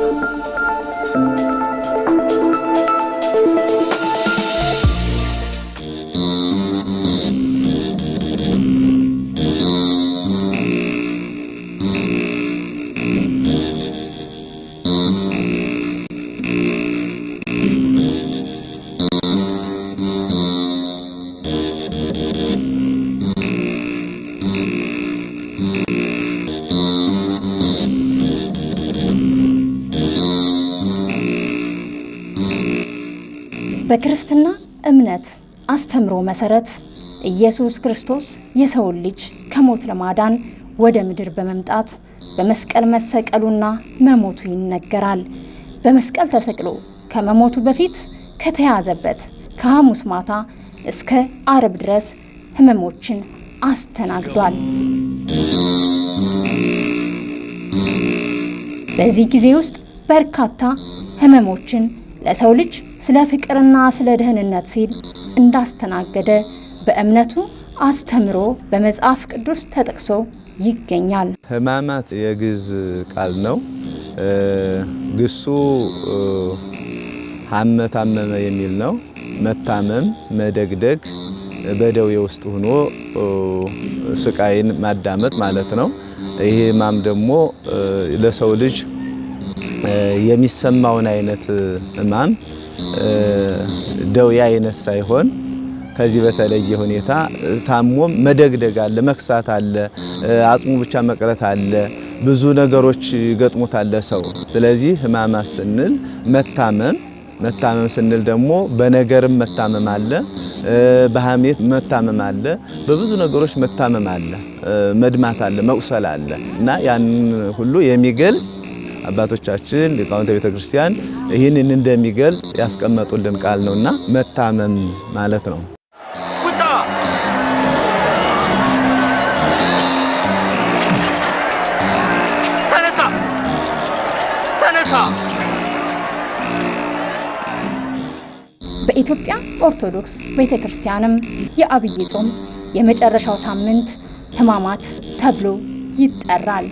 Thank you. መሰረት ኢየሱስ ክርስቶስ የሰውን ልጅ ከሞት ለማዳን ወደ ምድር በመምጣት በመስቀል መሰቀሉና መሞቱ ይነገራል። በመስቀል ተሰቅሎ ከመሞቱ በፊት ከተያዘበት ከሐሙስ ማታ እስከ አርብ ድረስ ህመሞችን አስተናግዷል። በዚህ ጊዜ ውስጥ በርካታ ህመሞችን ለሰው ልጅ ስለ ፍቅርና ስለ ደህንነት ሲል እንዳስተናገደ በእምነቱ አስተምሮ በመጽሐፍ ቅዱስ ተጠቅሶ ይገኛል። ሕማማት የግዝ ቃል ነው። ግሱ ሀመታመመ ታመመ የሚል ነው። መታመም፣ መደግደግ በደዌ ውስጥ ሆኖ ስቃይን ማዳመጥ ማለት ነው። ይህ ሕማም ደግሞ ለሰው ልጅ የሚሰማውን አይነት ሕማም ደውያ አይነት ሳይሆን ከዚህ በተለየ ሁኔታ ታሞም መደግደግ አለ፣ መክሳት አለ፣ አጽሙ ብቻ መቅረት አለ፣ ብዙ ነገሮች አለ ሰው። ስለዚህ ህማማት ስንል መታመም መታመም ስንል ደግሞ በነገርም መታመም አለ፣ በሐሜት መታመም አለ፣ በብዙ ነገሮች መታመም አለ፣ መድማት አለ፣ መቁሰል አለ እና ያንን ሁሉ የሚገልጽ አባቶቻችን ሊቃውንተ ቤተ ክርስቲያን ይህንን እንደሚገልጽ ያስቀመጡልን ቃል ነውና መታመም ማለት ነው። በኢትዮጵያ ኦርቶዶክስ ቤተ ክርስቲያንም የአብይ ጾም የመጨረሻው ሳምንት ሕማማት ተብሎ ይጠራል።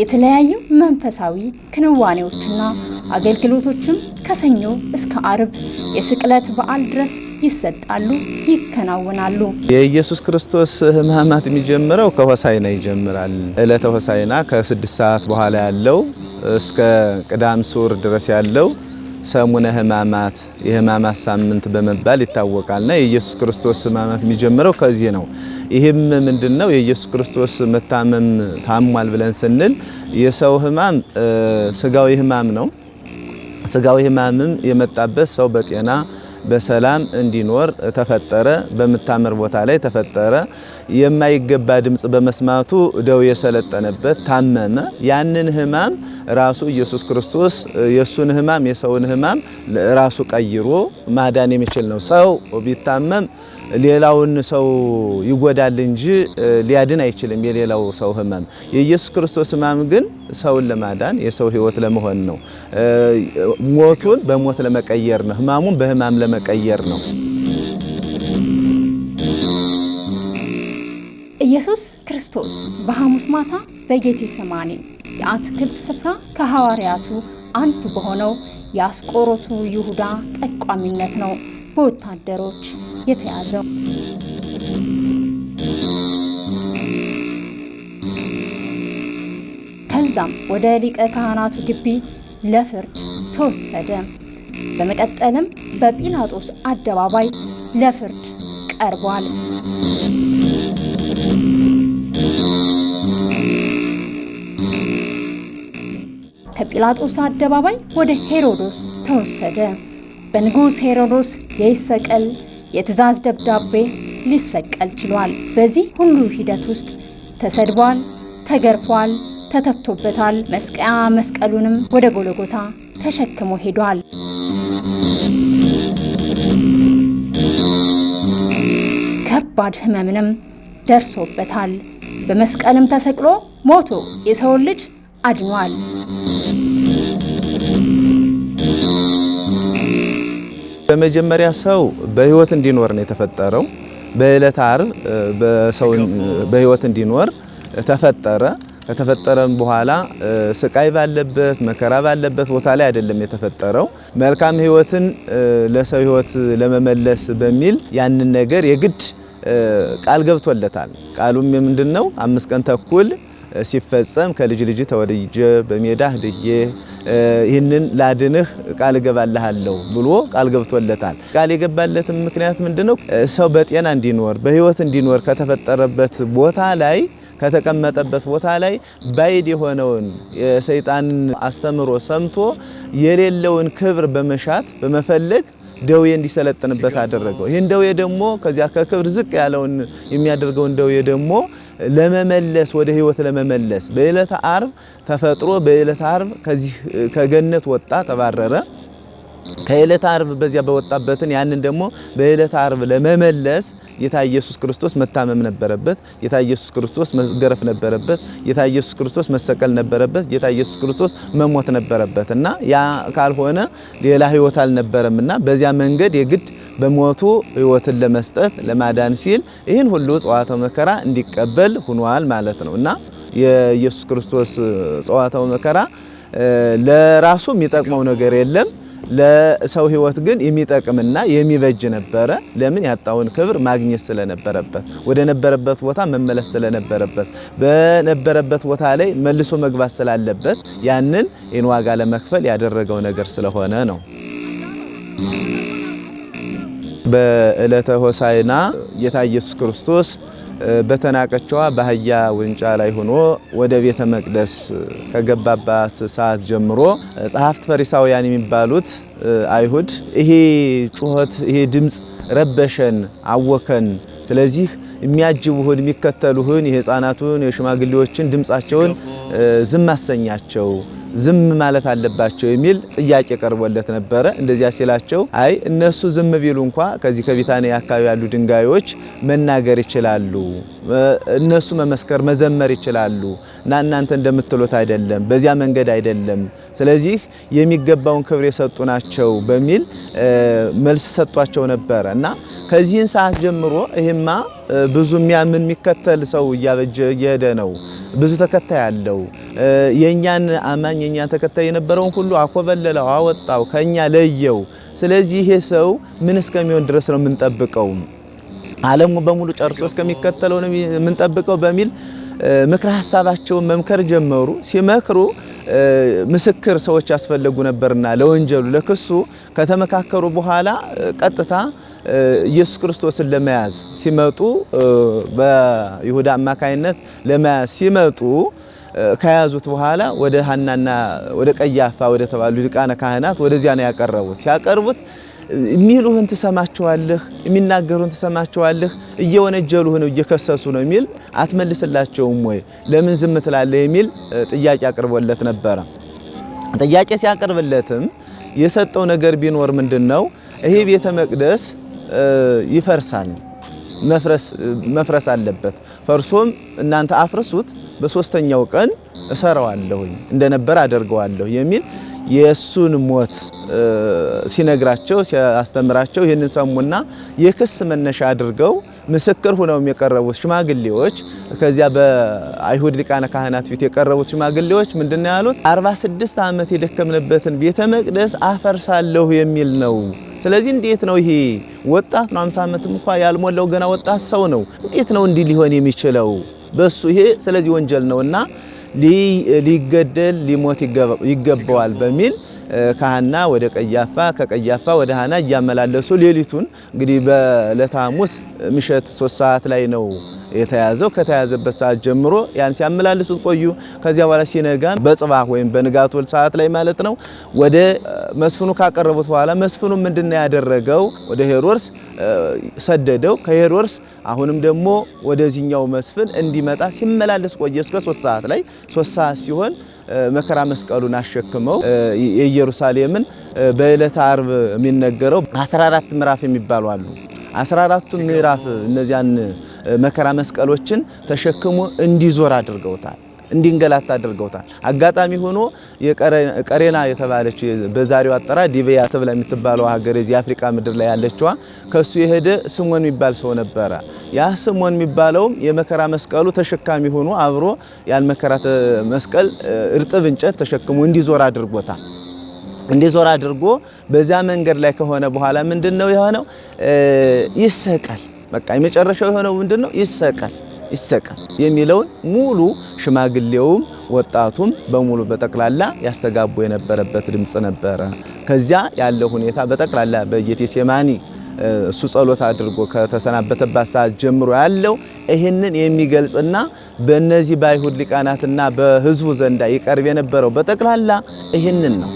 የተለያዩ መንፈሳዊ ክንዋኔዎችና አገልግሎቶችም ከሰኞ እስከ አርብ የስቅለት በዓል ድረስ ይሰጣሉ፣ ይከናወናሉ። የኢየሱስ ክርስቶስ ሕማማት የሚጀምረው ከሆሳይና ይጀምራል። ዕለተ ሆሳይና ከስድስት ሰዓት በኋላ ያለው እስከ ቅዳም ስዑር ድረስ ያለው ሰሙነ ሕማማት የሕማማት ሳምንት በመባል ይታወቃልና የኢየሱስ ክርስቶስ ሕማማት የሚጀምረው ከዚህ ነው። ይህም ምንድን ነው? የኢየሱስ ክርስቶስ መታመም ታሟል ብለን ስንል የሰው ህማም ስጋዊ ህማም ነው። ስጋዊ ህማምም የመጣበት ሰው በጤና በሰላም እንዲኖር ተፈጠረ። በምታምር ቦታ ላይ ተፈጠረ። የማይገባ ድምፅ በመስማቱ ደዌ የሰለጠነበት ታመመ። ያንን ህማም ራሱ ኢየሱስ ክርስቶስ የእሱን ህማም የሰውን ህማም ራሱ ቀይሮ ማዳን የሚችል ነው። ሰው ቢታመም ሌላውን ሰው ይጎዳል እንጂ ሊያድን አይችልም። የሌላው ሰው ህመም የኢየሱስ ክርስቶስ ሕማም ግን ሰውን ለማዳን የሰው ህይወት ለመሆን ነው። ሞቱን በሞት ለመቀየር ነው። ህማሙን በህማም ለመቀየር ነው። ኢየሱስ ክርስቶስ በሐሙስ ማታ በጌቴ ሰማኒ የአትክልት ስፍራ ከሐዋርያቱ አንዱ በሆነው የአስቆሮቱ ይሁዳ ጠቋሚነት ነው በወታደሮች የተያዘው። ከዛም ወደ ሊቀ ካህናቱ ግቢ ለፍርድ ተወሰደ። በመቀጠልም በጲላጦስ አደባባይ ለፍርድ ቀርቧል። ከጲላጦስ አደባባይ ወደ ሄሮዶስ ተወሰደ። በንጉሥ ሄሮዶስ የይሰቀል የትዕዛዝ ደብዳቤ ሊሰቀል ችሏል። በዚህ ሁሉ ሂደት ውስጥ ተሰድቧል፣ ተገርፏል፣ ተተፍቶበታል። መስቀያ መስቀሉንም ወደ ጎለጎታ ተሸክሞ ሄዷል። ከባድ ህመምንም ደርሶበታል። በመስቀልም ተሰቅሎ ሞቶ የሰውን ልጅ አድኗል። በመጀመሪያ ሰው በህይወት እንዲኖር ነው የተፈጠረው። በእለት አርብ በሰው በህይወት እንዲኖር ተፈጠረ። ከተፈጠረም በኋላ ስቃይ ባለበት መከራ ባለበት ቦታ ላይ አይደለም የተፈጠረው። መልካም ህይወትን ለሰው ህይወት ለመመለስ በሚል ያንን ነገር የግድ ቃል ገብቶለታል። ቃሉም ምንድን ነው? አምስት ቀን ተኩል ሲፈጸም ከልጅ ልጅ ተወልጄ በሜዳ ህድዬ ይህንን ላድንህ ቃል እገባልሃለሁ ብሎ ቃል ገብቶለታል። ቃል የገባለትም ምክንያት ምንድነው? ሰው በጤና እንዲኖር በህይወት እንዲኖር ከተፈጠረበት ቦታ ላይ ከተቀመጠበት ቦታ ላይ ባይድ የሆነውን የሰይጣን አስተምሮ ሰምቶ የሌለውን ክብር በመሻት በመፈለግ ደዌ እንዲሰለጥንበት አደረገው። ይህን ደዌ ደግሞ ከዚያ ከክብር ዝቅ ያለውን የሚያደርገውን ደዌ ደግሞ ለመመለስ ወደ ህይወት ለመመለስ በዕለተ አርብ ተፈጥሮ በዕለተ አርብ ከዚህ ከገነት ወጣ ተባረረ። ከዕለተ አርብ በዚያ በወጣበትን ያንን ደግሞ በዕለተ አርብ ለመመለስ ጌታ ኢየሱስ ክርስቶስ መታመም ነበረበት። ጌታ ኢየሱስ ክርስቶስ መገረፍ ነበረበት። ጌታ ኢየሱስ ክርስቶስ መሰቀል ነበረበት። ጌታ ኢየሱስ ክርስቶስ መሞት ነበረበት እና ያ ካልሆነ ሌላ ህይወት አልነበረምና በዚያ መንገድ የግድ በሞቱ ሕይወትን ለመስጠት ለማዳን ሲል ይህን ሁሉ ጸዋተ መከራ እንዲቀበል ሁኗል ማለት ነው እና የኢየሱስ ክርስቶስ ጸዋታው መከራ ለራሱ የሚጠቅመው ነገር የለም። ለሰው ህይወት ግን የሚጠቅምና የሚበጅ ነበረ። ለምን ያጣውን ክብር ማግኘት ስለነበረበት፣ ወደ ነበረበት ቦታ መመለስ ስለነበረበት፣ በነበረበት ቦታ ላይ መልሶ መግባት ስላለበት ያንን ይህን ዋጋ ለመክፈል ያደረገው ነገር ስለሆነ ነው። በዕለተ ሆሳይና ጌታ ኢየሱስ ክርስቶስ በተናቀችዋ በአህያ ውንጫ ላይ ሆኖ ወደ ቤተ መቅደስ ከገባባት ሰዓት ጀምሮ ጸሐፍት ፈሪሳውያን የሚባሉት አይሁድ ይሄ ጩኸት፣ ይሄ ድምፅ ረበሸን፣ አወከን። ስለዚህ የሚያጅቡህን የሚከተሉህን የህፃናቱን የሽማግሌዎችን ድምፃቸውን ዝም አሰኛቸው ዝም ማለት አለባቸው የሚል ጥያቄ ቀርቦለት ነበረ። እንደዚያ ሲላቸው አይ እነሱ ዝም ቢሉ እንኳ ከዚህ ከቢታንያ አካባቢ ያሉ ድንጋዮች መናገር ይችላሉ፣ እነሱ መመስከር መዘመር ይችላሉ እና እናንተ እንደምትሉት አይደለም፣ በዚያ መንገድ አይደለም። ስለዚህ የሚገባውን ክብር የሰጡ ናቸው በሚል መልስ ሰጧቸው ነበረ እና ከዚህን ሰዓት ጀምሮ ይህማ ብዙ የሚያምን የሚከተል ሰው እያበጀ እየሄደ ነው። ብዙ ተከታይ አለው። የእኛን አማኝ የእኛን ተከታይ የነበረውን ሁሉ አኮበለለው፣ አወጣው፣ ከእኛ ለየው። ስለዚህ ይሄ ሰው ምን እስከሚሆን ድረስ ነው የምንጠብቀው? ዓለሙ በሙሉ ጨርሶ እስከሚከተለው ነው የምንጠብቀው በሚል ምክረ ሀሳባቸውን መምከር ጀመሩ። ሲመክሩ ምስክር ሰዎች ያስፈለጉ ነበርና ለወንጀሉ ለክሱ ከተመካከሩ በኋላ ቀጥታ ኢየሱስ ክርስቶስን ለመያዝ ሲመጡ በይሁዳ አማካይነት ለመያዝ ሲመጡ ከያዙት በኋላ ወደ ሀናና ወደ ቀያፋ ወደ ተባሉ ሊቃነ ካህናት ወደዚያ ነው ያቀረቡት። ሲያቀርቡት የሚሉህን ትሰማቸዋለህ፣ የሚናገሩህን ትሰማቸዋለህ። እየወነጀሉህ ነው፣ እየከሰሱ ነው የሚል አትመልስላቸውም ወይ ለምን ዝም ትላለህ የሚል ጥያቄ አቅርቦለት ነበረ። ጥያቄ ሲያቀርብለትም የሰጠው ነገር ቢኖር ምንድን ነው ይሄ ቤተ መቅደስ ይፈርሳል፣ መፍረስ አለበት፣ ፈርሶም እናንተ አፍርሱት፣ በሶስተኛው ቀን እሰራዋለሁኝ እንደነበር አደርገዋለሁ የሚል የእሱን ሞት ሲነግራቸው ሲያስተምራቸው ይህንን ሰሙና የክስ መነሻ አድርገው ምስክር ሆነው የቀረቡት ሽማግሌዎች ከዚያ በአይሁድ ሊቃነ ካህናት ፊት የቀረቡት ሽማግሌዎች ምንድነው ያሉት? 46 ዓመት የደከምንበትን ቤተ መቅደስ አፈርሳለሁ የሚል ነው። ስለዚህ እንዴት ነው ይሄ ወጣት ነው፣ 50 ዓመት እንኳ ያልሞላው ገና ወጣት ሰው ነው። እንዴት ነው እንዲህ ሊሆን የሚችለው? በሱ ይሄ ስለዚህ ወንጀል ነውና ሊገደል ሊሞት ይገባዋል በሚል ከሀና ወደ ቀያፋ ከቀያፋ ወደ ሀና እያመላለሱ ሌሊቱን እንግዲህ በዕለተ ሐሙስ ምሽት ሶስት ሰዓት ላይ ነው የተያዘው ከተያዘበት ሰዓት ጀምሮ ያን ሲያመላልሱት ቆዩ። ከዚያ በኋላ ሲነጋ በጽባህ ወይም በንጋቱ ሰዓት ላይ ማለት ነው ወደ መስፍኑ ካቀረቡት በኋላ መስፍኑ ምንድነው ያደረገው ወደ ሄሮድስ ሰደደው። ከሄሮድስ አሁንም ደግሞ ወደዚህኛው መስፍን እንዲመጣ ሲመላለስ ቆየ እስከ ሶስት ሰዓት ላይ ሶስት ሰዓት ሲሆን መከራ መስቀሉን አሸክመው የኢየሩሳሌምን በዕለተ አርብ የሚነገረው 14 ምዕራፍ የሚባሉ አሉ። 14ቱ ምዕራፍ እነዚያን መከራ መስቀሎችን ተሸክሞ እንዲዞር አድርገውታል፣ እንዲንገላታ አድርገውታል። አጋጣሚ ሆኖ ቀሬና የተባለች በዛሬው አጠራ ዲቪያ ተብላ የምትባለው ሀገር እዚህ የአፍሪካ ምድር ላይ ያለችዋ ከሱ የሄደ ስሞን የሚባል ሰው ነበረ። ያ ስሞን የሚባለውም የመከራ መስቀሉ ተሸካሚ ሆኖ አብሮ ያን መከራ መስቀል እርጥብ እንጨት ተሸክሞ እንዲዞር አድርጎታል። እንዲዞር አድርጎ በዚያ መንገድ ላይ ከሆነ በኋላ ምንድን ነው የሆነው? ይሰቃል በቃ የመጨረሻው የሆነው ምንድነው? ይሰቀል ይሰቀል የሚለውን ሙሉ ሽማግሌውም ወጣቱም በሙሉ በጠቅላላ ያስተጋቡ የነበረበት ድምፅ ነበረ። ከዚያ ያለው ሁኔታ በጠቅላላ በጌቴሴማኒ እሱ ጸሎት አድርጎ ከተሰናበተባት ሰዓት ጀምሮ ያለው ይህንን የሚገልጽና በእነዚህ በአይሁድ ሊቃናትና በሕዝቡ ዘንዳ ይቀርብ የነበረው በጠቅላላ ይህንን ነው።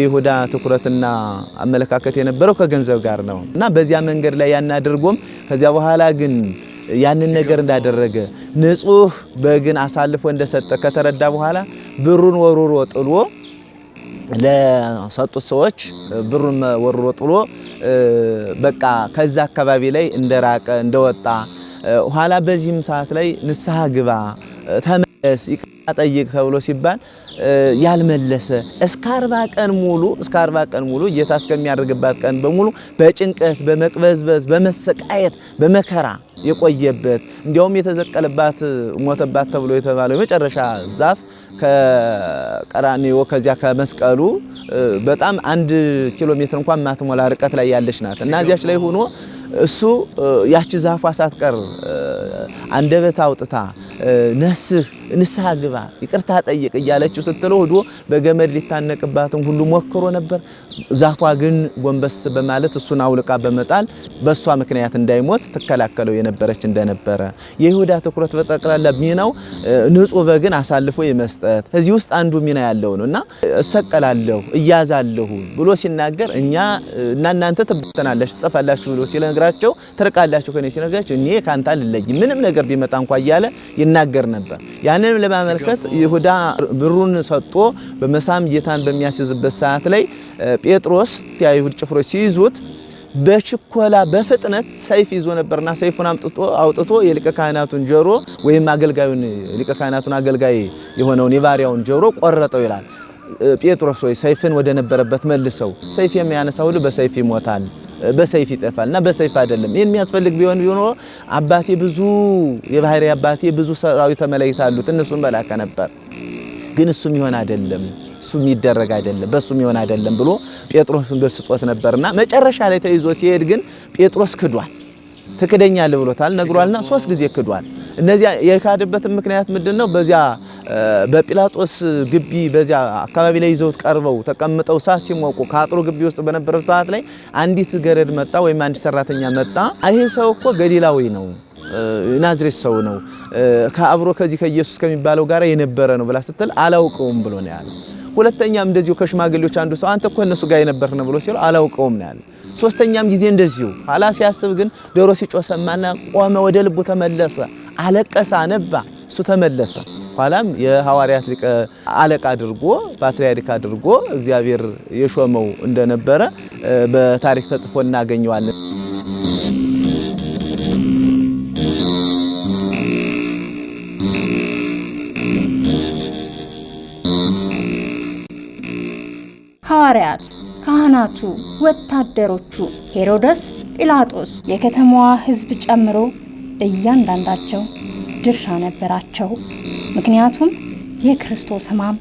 የይሁዳ ትኩረትና አመለካከት የነበረው ከገንዘብ ጋር ነው እና በዚያ መንገድ ላይ ያን አድርጎም ከዚያ በኋላ ግን ያንን ነገር እንዳደረገ ንጹህ በግን አሳልፎ እንደሰጠ ከተረዳ በኋላ ብሩን ወሩሮ ጥሎ ለሰጡት ሰዎች ብሩን ወሩሮ ጥሎ በቃ ከዛ አካባቢ ላይ እንደራቀ እንደወጣ ኋላ በዚህም ሰዓት ላይ ንስሐ ግባ ይቅርታ ጠይቅ ተብሎ ሲባል ያልመለሰ እስከ አርባ ቀን ሙሉ እስከ አርባ ቀን ሙሉ ጌታ እስከሚያደርግባት ቀን በሙሉ በጭንቀት በመቅበዝበዝ በመሰቃየት በመከራ የቆየበት እንዲያውም የተዘቀለባት ሞተባት ተብሎ የተባለው የመጨረሻ ዛፍ ከቀራኒዮ ከዚያ ከመስቀሉ በጣም አንድ ኪሎ ሜትር እንኳን ማትሞላ ርቀት ላይ ያለች ናት እና እዚያች ላይ ሆኖ እሱ ያቺ ዛፏ ሳትቀር አንደበት አውጥታ ነስህ ንስሐ ግባ ይቅርታ ጠይቅ እያለችው ስትለው ሂዶ በገመድ ሊታነቅባትም ሁሉ ሞክሮ ነበር። ዛፏ ግን ጎንበስ በማለት እሱን አውልቃ በመጣል በእሷ ምክንያት እንዳይሞት ትከላከለው የነበረች እንደነበረ የይሁዳ ትኩረት በጠቅላላ ሚናው ንጹሕ በግን አሳልፎ የመስጠት እዚህ ውስጥ አንዱ ሚና ያለው ነው እና እሰቀላለሁ እያዛለሁ ብሎ ሲናገር እኛ እና እናንተ ትበተናላችሁ ትጠፋላችሁ ብሎ ሲለ ስነግራቸው ትርቃላቸው ከኔ ሲነግራቸው እኔ ካንተ አልለይም ምንም ነገር ቢመጣ እንኳ እያለ ይናገር ነበር። ያንንም ለማመልከት ይሁዳ ብሩን ሰጥቶ በመሳም ጌታን በሚያስይዝበት ሰዓት ላይ ጴጥሮስ የአይሁድ ጭፍሮች ሲይዙት በችኮላ በፍጥነት ሰይፍ ይዞ ነበርና ሰይፉን አምጥቶ አውጥቶ የሊቀ ካህናቱን ጆሮ ወይም አገልጋዩን ሊቀ ካህናቱን አገልጋይ የሆነውን የባሪያውን ጆሮ ቆረጠው ይላል። ጴጥሮስ ወይ ሰይፍን ወደ ነበረበት መልሰው፣ ሰይፍ የሚያነሳ ሁሉ በሰይፍ ይሞታል፣ በሰይፍ ይጠፋል እና በሰይፍ አይደለም። ይህን የሚያስፈልግ ቢሆን ቢኖ አባቴ ብዙ የባህሪ አባቴ ብዙ ሰራዊ መላእክት አሉት፣ እነሱን በላከ ነበር። ግን እሱ ይሆን አይደለም፣ እሱ የሚደረግ አይደለም፣ በእሱ የሚሆን አይደለም ብሎ ጴጥሮስን ገስጾት ነበርና መጨረሻ ላይ ተይዞ ሲሄድ ግን ጴጥሮስ ክዷል። ትክደኛለህ ብሎታል፣ ነግሯልና ሶስት ጊዜ ክዷል። እነዚያ የካድበትን ምክንያት ምንድን ነው? በዚያ በጲላጦስ ግቢ በዚያ አካባቢ ላይ ይዘውት ቀርበው ተቀምጠው ሳት ሲሞቁ ከአጥሩ ግቢ ውስጥ በነበረው ሰዓት ላይ አንዲት ገረድ መጣ፣ ወይም አንዲት ሰራተኛ መጣ። ይሄ ሰው እኮ ገሊላዊ ነው፣ ናዝሬት ሰው ነው፣ ከአብሮ ከዚህ ከኢየሱስ ከሚባለው ጋር የነበረ ነው ብላ ስትል አላውቀውም ብሎ ነው ያለ። ሁለተኛም እንደዚሁ ከሽማግሌዎች አንዱ ሰው አንተ እኮ እነሱ ጋር የነበርክ ነው ብሎ ሲሉ አላውቀውም ነው ያለ። ሶስተኛም ጊዜ እንደዚሁ ኋላ ሲያስብ ግን ዶሮ ሲጮህ ሰማና ቆመ፣ ወደ ልቡ ተመለሰ፣ አለቀሰ፣ አነባ። እሱ ተመለሰ። ኋላም የሐዋርያት ሊቀ አለቃ አድርጎ ፓትርያርክ አድርጎ እግዚአብሔር የሾመው እንደነበረ በታሪክ ተጽፎ እናገኘዋለን። ሐዋርያት፣ ካህናቱ፣ ወታደሮቹ፣ ሄሮደስ፣ ጲላጦስ የከተማዋ ሕዝብ ጨምሮ እያንዳንዳቸው ድርሻ ነበራቸው። ምክንያቱም የክርስቶስ ሕማም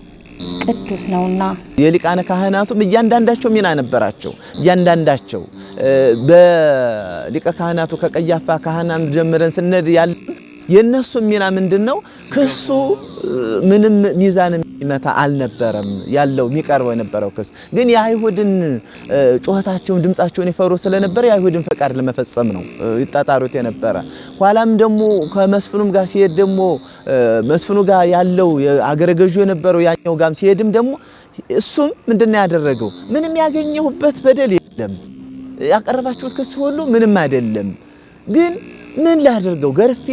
ቅዱስ ነውና የሊቃነ ካህናቱም እያንዳንዳቸው ሚና ነበራቸው። እያንዳንዳቸው በሊቀ ካህናቱ ከቀያፋ ካህናት ጀምረን ስነድ ያለ የእነሱ ሚና ምንድን ነው? ክሱ ምንም ሚዛን ይመታ አልነበረም ያለው የሚቀርበው የነበረው ክስ ግን የአይሁድን ጩኸታቸውን ድምፃቸውን ይፈሩ ስለነበረ የአይሁድን ፈቃድ ለመፈጸም ነው ይጣጣሩት የነበረ። ኋላም ደግሞ ከመስፍኑም ጋር ሲሄድ ደግሞ መስፍኑ ጋር ያለው አገረ ገዢ የነበረው ያኛው ጋም ሲሄድም ደግሞ እሱም ምንድነው ያደረገው? ምንም ያገኘሁበት በደል የለም ያቀረባችሁት ክስ ሁሉ ምንም አይደለም። ግን ምን ላደርገው? ገርፌ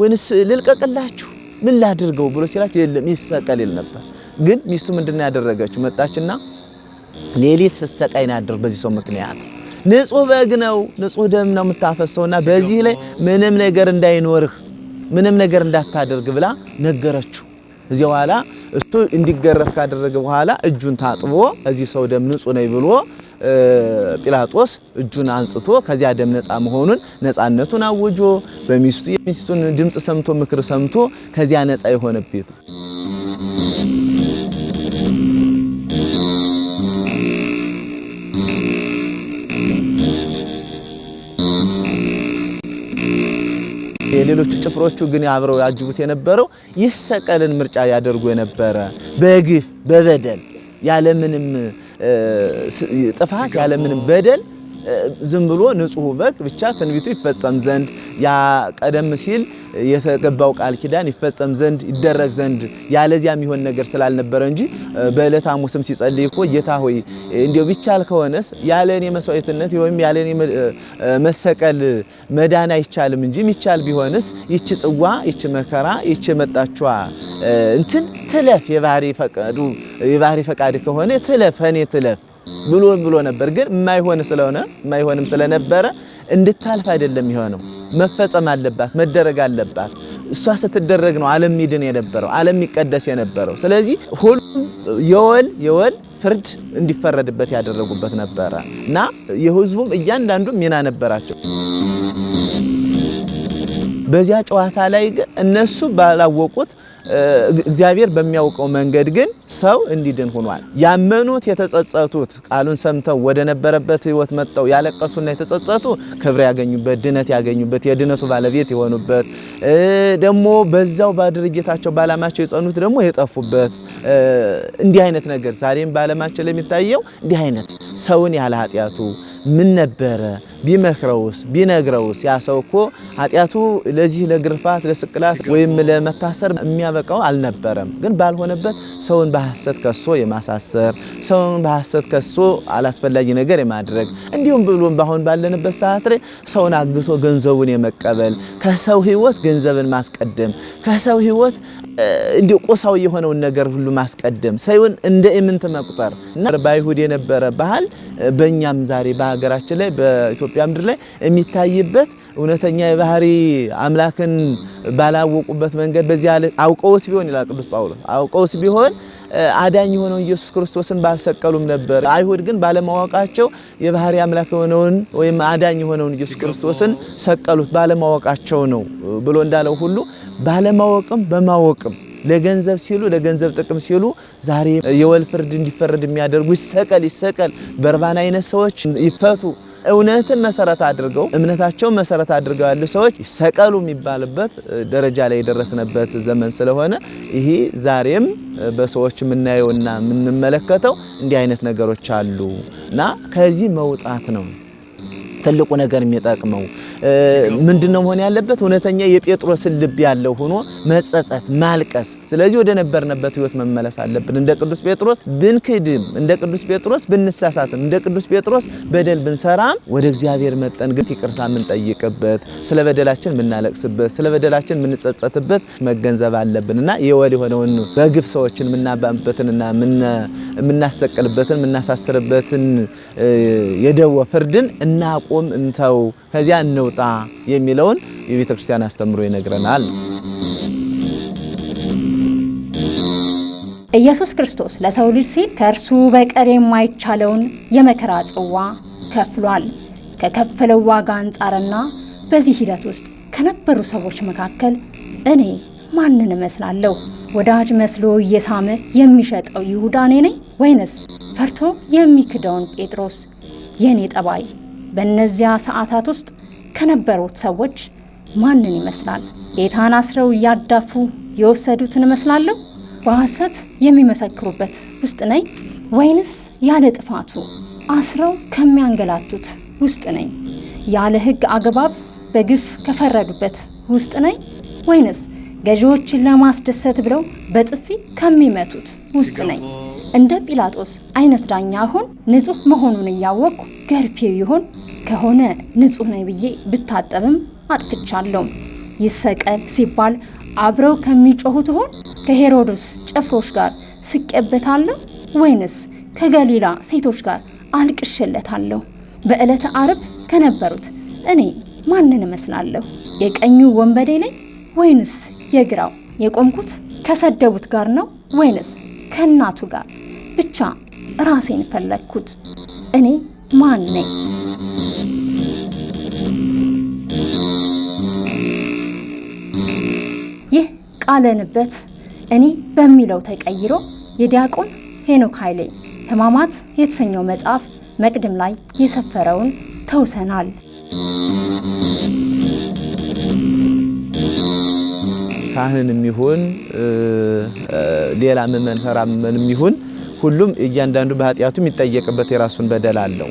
ወይንስ ልልቀቅላችሁ ምን ላድርገው ብሎ ሲላቸው የለም ይሰቀል ይል ነበር። ግን ሚስቱ ምንድነው ያደረገችው? መጣችና ሌሊት ስትሰቃይ ያደር በዚህ ሰው ምክንያት ንጹህ በግ ነው፣ ንጹህ ደም ነው የምታፈሰውና በዚህ ላይ ምንም ነገር እንዳይኖርህ ምንም ነገር እንዳታደርግ ብላ ነገረችው። እዚህ በኋላ እሱ እንዲገረፍ ካደረገ በኋላ እጁን ታጥቦ እዚህ ሰው ደም ንጹህ ነው ብሎ ጲላጦስ እጁን አንጽቶ ከዚያ ደም ነፃ መሆኑን ነፃነቱን አውጆ በሚስቱ የሚስቱን ድምፅ ሰምቶ ምክር ሰምቶ ከዚያ ነፃ የሆነበት የሌሎቹ ጭፍሮቹ ግን አብረው ያጅቡት የነበረው ይሰቀልን ምርጫ ያደርጉ የነበረ በግፍ በበደል ያለምንም ጥፋት ያለምንም በደል ዝም ብሎ ንጹሕ በግ ብቻ ትንቢቱ ይፈጸም ዘንድ ያ ቀደም ሲል የተገባው ቃል ኪዳን ይፈጸም ዘንድ ይደረግ ዘንድ ያለዚያ የሚሆን ነገር ስላልነበረ እንጂ በዕለት ሐሙስም ሲጸልይ እኮ ጌታ ሆይ እንዲያው ቢቻል ከሆነስ ያለ እኔ መስዋዕትነት ወይም ያለ እኔ መሰቀል መዳን አይቻልም እንጂ የሚቻል ቢሆንስ ይቺ ጽዋ፣ ይቺ መከራ፣ ይቺ መጣቿ እንትን ትለፍ የባህሪ ፈቃዱ የባህሪ ፈቃድ ከሆነ ትለፍ እኔ ትለፍ ብሎ ብሎ ነበር። ግን የማይሆን ስለሆነ የማይሆንም ስለነበረ እንድታልፍ አይደለም የሆነው፣ መፈጸም አለባት መደረግ አለባት። እሷ ስትደረግ ነው ዓለም ይድን የነበረው ዓለም ይቀደስ የነበረው። ስለዚህ ሁሉም የወል የወል ፍርድ እንዲፈረድበት ያደረጉበት ነበረ እና የህዝቡም እያንዳንዱ ሚና ነበራቸው። በዚያ ጨዋታ ላይ ግን እነሱ ባላወቁት እግዚአብሔር በሚያውቀው መንገድ ግን ሰው እንዲድን ሆኗል። ያመኑት የተጸጸቱት ቃሉን ሰምተው ወደ ነበረበት ህይወት መጥተው ያለቀሱና የተጸጸቱ ክብር ያገኙበት ድነት ያገኙበት የድነቱ ባለቤት የሆኑበት ደግሞ በዛው ባድርጊታቸው ባላማቸው የጸኑት ደግሞ የጠፉበት እንዲህ አይነት ነገር ዛሬም ባለማቸው ለሚታየው እንዲህ አይነት ሰውን ያለ ኃጢአቱ ምን ነበረ ቢመክረውስ ቢነግረውስ ያ ሰው እኮ ኃጢአቱ ለዚህ ለግርፋት ለስቅላት ወይም ለመታሰር የሚያበቃው አልነበረም። ግን ባልሆነበት ሰውን በሐሰት ከሶ የማሳሰር ሰውን በሐሰት ከሶ አላስፈላጊ ነገር የማድረግ እንዲሁም ብሎም ባሁን ባለንበት ሰዓት ላይ ሰውን አግቶ ገንዘቡን የመቀበል ከሰው ሕይወት ገንዘብን ማስቀደም ከሰው ሕይወት እንዲ ቁሳዊ የሆነውን ነገር ሁሉ ማስቀደም ሳይሆን እንደ እምንት መቁጠር እና በአይሁድ የነበረ ባህል በእኛም ዛሬ በሀገራችን ላይ በኢትዮጵያ ምድር ላይ የሚታይበት እውነተኛ የባህሪ አምላክን ባላወቁበት መንገድ በዚህ አውቀውስ ቢሆን ይላል ቅዱስ ጳውሎስ አውቀውስ ቢሆን አዳኝ የሆነውን ኢየሱስ ክርስቶስን ባልሰቀሉም ነበር። አይሁድ ግን ባለማወቃቸው የባህሪ አምላክ የሆነውን ወይም አዳኝ የሆነውን ኢየሱስ ክርስቶስን ሰቀሉት ባለማወቃቸው ነው ብሎ እንዳለው ሁሉ ባለማወቅም በማወቅም ለገንዘብ ሲሉ ለገንዘብ ጥቅም ሲሉ ዛሬ የወል ፍርድ እንዲፈረድ የሚያደርጉ ይሰቀል ይሰቀል በርባን አይነት ሰዎች ይፈቱ እውነትን መሰረት አድርገው እምነታቸውን መሰረት አድርገው ያሉ ሰዎች ሰቀሉ የሚባልበት ደረጃ ላይ የደረስንበት ዘመን ስለሆነ ይሄ ዛሬም በሰዎች የምናየውና የምንመለከተው እንዲህ አይነት ነገሮች አሉ እና ከዚህ መውጣት ነው ትልቁ ነገር የሚጠቅመው ምንድነው መሆን ያለበት? እውነተኛ የጴጥሮስን ልብ ያለው ሆኖ መጸጸት፣ ማልቀስ። ስለዚህ ወደ ነበርንበት ህይወት መመለስ አለብን። እንደ ቅዱስ ጴጥሮስ ብንክድም፣ እንደ ቅዱስ ጴጥሮስ ብንሳሳትም፣ እንደ ቅዱስ ጴጥሮስ በደል ብንሰራም ወደ እግዚአብሔር መጠን ግን ይቅርታ የምንጠይቅበት፣ ስለ በደላችን የምናለቅስበት፣ ስለ በደላችን የምንጸጸትበት መገንዘብ አለብን እና የወል የሆነውን በግፍ ሰዎችን የምናባምበትንና የምናሰቅልበትን የምናሳስርበትን የደወ ፍርድን እና እንቁም እንተው ከዚያ እንውጣ የሚለውን የቤተ ክርስቲያን አስተምሮ ይነግረናል። ኢየሱስ ክርስቶስ ለሰው ልጅ ሲል ከእርሱ በቀር የማይቻለውን የመከራ ጽዋ ከፍሏል። ከከፈለው ዋጋ አንጻርና በዚህ ሂደት ውስጥ ከነበሩ ሰዎች መካከል እኔ ማንን እመስላለሁ? ወዳጅ መስሎ እየሳመ የሚሸጠው ይሁዳ እኔ ነኝ ወይንስ ፈርቶ የሚክደውን ጴጥሮስ? የእኔ ጠባይ በእነዚያ ሰዓታት ውስጥ ከነበሩት ሰዎች ማንን ይመስላል? ጌታን አስረው እያዳፉ የወሰዱትን እመስላለሁ? በሐሰት የሚመሰክሩበት ውስጥ ነኝ ወይንስ ያለ ጥፋቱ አስረው ከሚያንገላቱት ውስጥ ነኝ? ያለ ሕግ አግባብ በግፍ ከፈረዱበት ውስጥ ነኝ ወይንስ ገዢዎችን ለማስደሰት ብለው በጥፊ ከሚመቱት ውስጥ ነኝ? እንደ ጲላጦስ አይነት ዳኛ አሁን ንጹህ መሆኑን እያወቅኩ ገርፌ ይሆን ከሆነ ንጹህ ነኝ ብዬ ብታጠብም አጥፍቻለሁ። ይሰቀል ሲባል አብረው ከሚጮሁት ሆን ከሄሮድስ ጨፍሮች ጋር ስቄበታለሁ ወይንስ ከገሊላ ሴቶች ጋር አልቅሽለታለሁ? በዕለተ አርብ ከነበሩት እኔ ማንን እመስላለሁ? የቀኙ ወንበዴ ነኝ ወይንስ የግራው? የቆምኩት ከሰደቡት ጋር ነው ወይንስ ከእናቱ ጋር ብቻ ራሴን ፈለግኩት። እኔ ማን ነኝ? ይህ ቃለንበት እኔ በሚለው ተቀይሮ የዲያቆን ሄኖክ ኃይሌ ሕማማት የተሰኘው መጽሐፍ መቅድም ላይ የሰፈረውን ተውሰናል። ካህን የሚሆን ሌላ ምእመን ተራ ምእመን የሚሆን ሁሉም እያንዳንዱ በኃጢአቱ የሚጠየቅበት የራሱን በደል አለው።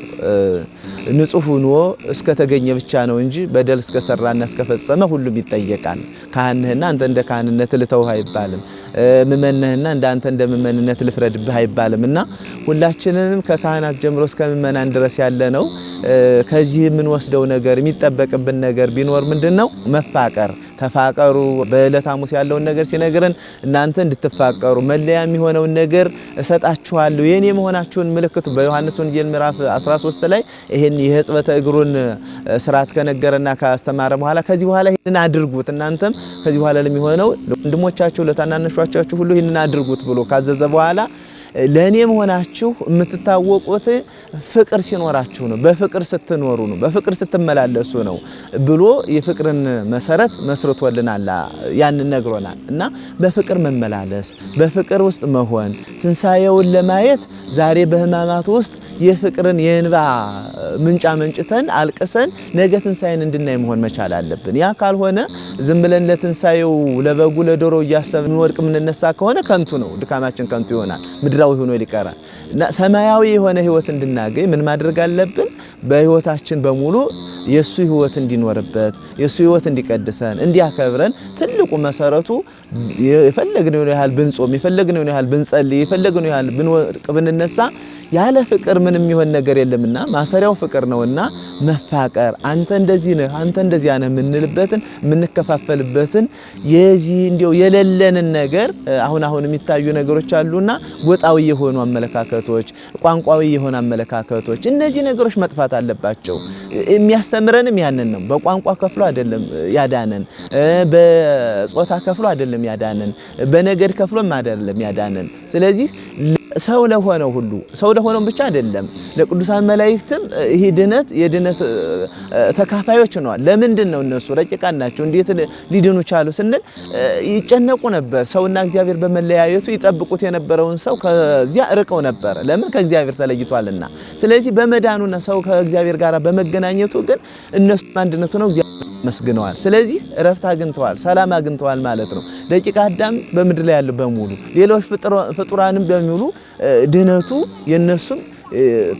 ንጹሕ ሆኖ እስከተገኘ ብቻ ነው እንጂ በደል እስከሰራና እስከፈጸመ ሁሉም ይጠየቃል። ካህንህና አንተ እንደ ካህንነት ልተውህ አይባልም። ምእመን እንደ አንተ እንደ ምእመንነት ልፍረድብህ አይባልም እና ሁላችንም ከካህናት ጀምሮ እስከ ምእመናን ድረስ ያለ ነው። ከዚህ የምንወስደው ነገር የሚጠበቅብን ነገር ቢኖር ምንድን ነው? መፋቀር ተፋቀሩ። በዕለት ሐሙስ ያለውን ነገር ሲነግረን እናንተ እንድትፋቀሩ መለያ የሚሆነውን ነገር እሰጣችኋለሁ የኔ መሆናችሁን ምልክቱ በዮሐንስ ወንጌል ምዕራፍ 13 ላይ ይሄን የሕጽበተ እግሩን ስርዓት ከነገረና ካስተማረ በኋላ ከዚህ በኋላ ይሄንን አድርጉት እናንተም ከዚህ በኋላ ለሚሆነው ወንድሞቻችሁ ለታናናሾቻችሁ ሁሉ ይሄንን አድርጉት ብሎ ካዘዘ በኋላ ለእኔ መሆናችሁ የምትታወቁት ፍቅር ሲኖራችሁ ነው፣ በፍቅር ስትኖሩ ነው፣ በፍቅር ስትመላለሱ ነው ብሎ የፍቅርን መሰረት መስርቶልናል። ያንን ነግሮናል። እና በፍቅር መመላለስ፣ በፍቅር ውስጥ መሆን ትንሣኤውን ለማየት ዛሬ በሕማማት ውስጥ የፍቅርን የእንባ ምንጫ መንጭተን አልቅሰን ነገ ትንሣኤን እንድናይ መሆን መቻል አለብን። ያ ካልሆነ ዝም ብለን ለትንሣኤው ለበጉ ለዶሮ እያሰብን ወድቅ የምንነሳ ከሆነ ከንቱ ነው፣ ድካማችን ከንቱ ይሆናል፣ ምድራዊ ሆኖ ሊቀራል። ሰማያዊ የሆነ ህይወት እንድና እንድናገኝ ምን ማድረግ አለብን? በህይወታችን በሙሉ የእሱ ህይወት እንዲኖርበት የእሱ ህይወት እንዲቀድሰን እንዲያከብረን ትልቁ መሰረቱ የፈለግነውን ያህል ብንጾም የፈለግነውን ያህል ብንጸልይ የፈለግነውን ያህል ብንወድቅ ብንነሳ ያለ ፍቅር ምንም የሚሆን ነገር የለምና ማሰሪያው ፍቅር ነውና መፋቀር አንተ እንደዚህ ነህ አንተ እንደዚያ ነህ የምንልበትን የምንከፋፈልበትን የዚህ እንዲያው የሌለንን ነገር አሁን አሁን የሚታዩ ነገሮች አሉና ጎጣዊ የሆኑ አመለካከቶች፣ ቋንቋዊ የሆኑ አመለካከቶች እነዚህ ነገሮች መጥፋት አለባቸው። የሚያስተምረንም ያንን ነው። በቋንቋ ከፍሎ አይደለም ያዳነን፣ በጾታ ከፍሎ አይደለም አይደለም ያዳነን፣ በነገድ ከፍሎም አይደለም ያዳነን። ስለዚህ ሰው ለሆነ ሁሉ ሰው ለሆነው ብቻ አይደለም ለቅዱሳን መላእክትም ይሄ ድነት የድነት ተካፋዮች ነዋል። ለምንድን ነው እነሱ ረቂቃን ናቸው፣ እንዴት ሊድኑ ቻሉ ስንል ይጨነቁ ነበር። ሰውና እግዚአብሔር በመለያየቱ ይጠብቁት የነበረውን ሰው ከዚያ ርቀው ነበር። ለምን? ከእግዚአብሔር ተለይቷልና። ስለዚህ በመዳኑና ሰው ከእግዚአብሔር ጋር በመገናኘቱ ግን እነሱም አንድነቱ ነው። እግዚአብሔር መስግነዋል። ስለዚህ እረፍት አግኝተዋል፣ ሰላም አግኝተዋል ማለት ነው። ደቂቀ አዳም በምድር ላይ ያለ በሙሉ ሌሎች ፍጡራንም በሚሉ ድህነቱ የነሱም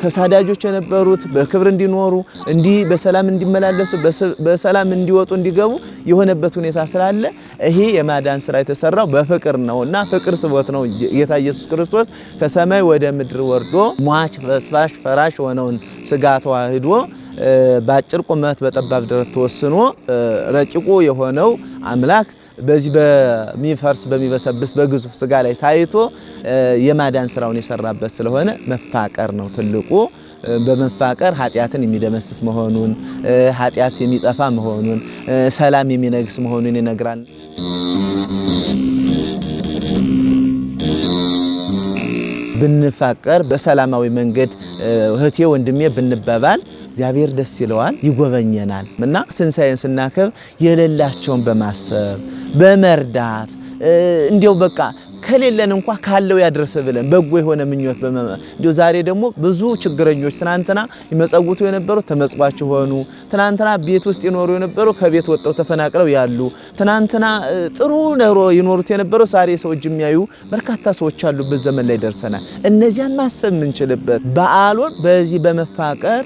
ተሳዳጆች የነበሩት በክብር እንዲኖሩ እንዲህ በሰላም እንዲመላለሱ በሰላም እንዲወጡ እንዲገቡ የሆነበት ሁኔታ ስላለ ይሄ የማዳን ስራ የተሰራው በፍቅር ነው እና ፍቅር ስቦት ነው። ጌታ ኢየሱስ ክርስቶስ ከሰማይ ወደ ምድር ወርዶ ሟች፣ ፈስፋሽ ፈራሽ የሆነውን ስጋ ተዋህዶ በአጭር ቁመት በጠባብ ደረት ተወስኖ ረቂቁ የሆነው አምላክ በዚህ በሚፈርስ በሚበሰብስ በግዙፍ ስጋ ላይ ታይቶ የማዳን ስራውን የሰራበት ስለሆነ መፋቀር ነው ትልቁ። በመፋቀር ኃጢአትን የሚደመስስ መሆኑን ኃጢአት የሚጠፋ መሆኑን ሰላም የሚነግስ መሆኑን ይነግራል። ብንፋቀር በሰላማዊ መንገድ እህቴ ወንድሜ ብንበባል እግዚአብሔር ደስ ይለዋል፣ ይጎበኘናል እና ትንሣኤን ስናከብ የሌላቸውን በማሰብ በመርዳት እንዲው በቃ ከሌለን እንኳ ካለው ያድርስ ብለን በጎ የሆነ ምኞት እንዲሁ ዛሬ ደግሞ ብዙ ችግረኞች ትናንትና ይመጸውቱ የነበሩ ተመጽዋች ሆኑ። ትናንትና ቤት ውስጥ ይኖሩ የነበሩ ከቤት ወጥተው ተፈናቅለው ያሉ፣ ትናንትና ጥሩ ኑሮ ይኖሩት የነበሩ ዛሬ ሰው እጅ የሚያዩ በርካታ ሰዎች ያሉበት ዘመን ላይ ደርሰናል። እነዚያን ማሰብ የምንችልበት በዓሉን በዚህ በመፋቀር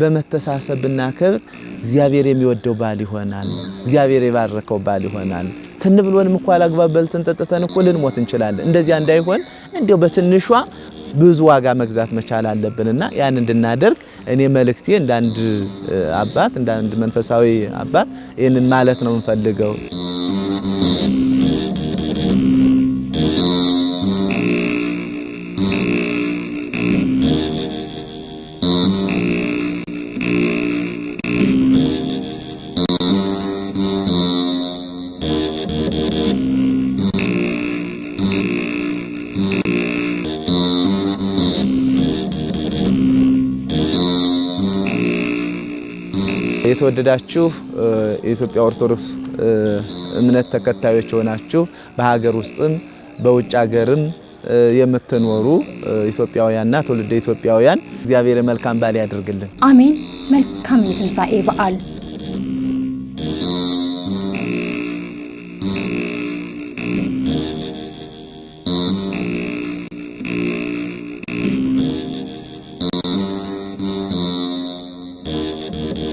በመተሳሰብ ክብር እግዚአብሔር የሚወደው ባል ይሆናል። እግዚአብሔር የባረከው ባል ይሆናል። ትን ብሎንም እኮ አላግባብ በልተን ጠጥተን እኮ ልንሞት እንችላለን። እንደዚያ እንዳይሆን እንዲያው በትንሿ ብዙ ዋጋ መግዛት መቻል አለብንና ያን እንድናደርግ እኔ መልእክቴ እንደ አንድ አባት እንደ አንድ መንፈሳዊ አባት ይህንን ማለት ነው የምፈልገው። የተወደዳችሁ የኢትዮጵያ ኦርቶዶክስ እምነት ተከታዮች የሆናችሁ በሀገር ውስጥም በውጭ ሀገርም የምትኖሩ ኢትዮጵያውያንና ትውልደ ኢትዮጵያውያን እግዚአብሔር መልካም በዓል ያደርግልን። አሜን። መልካም የትንሣኤ በዓል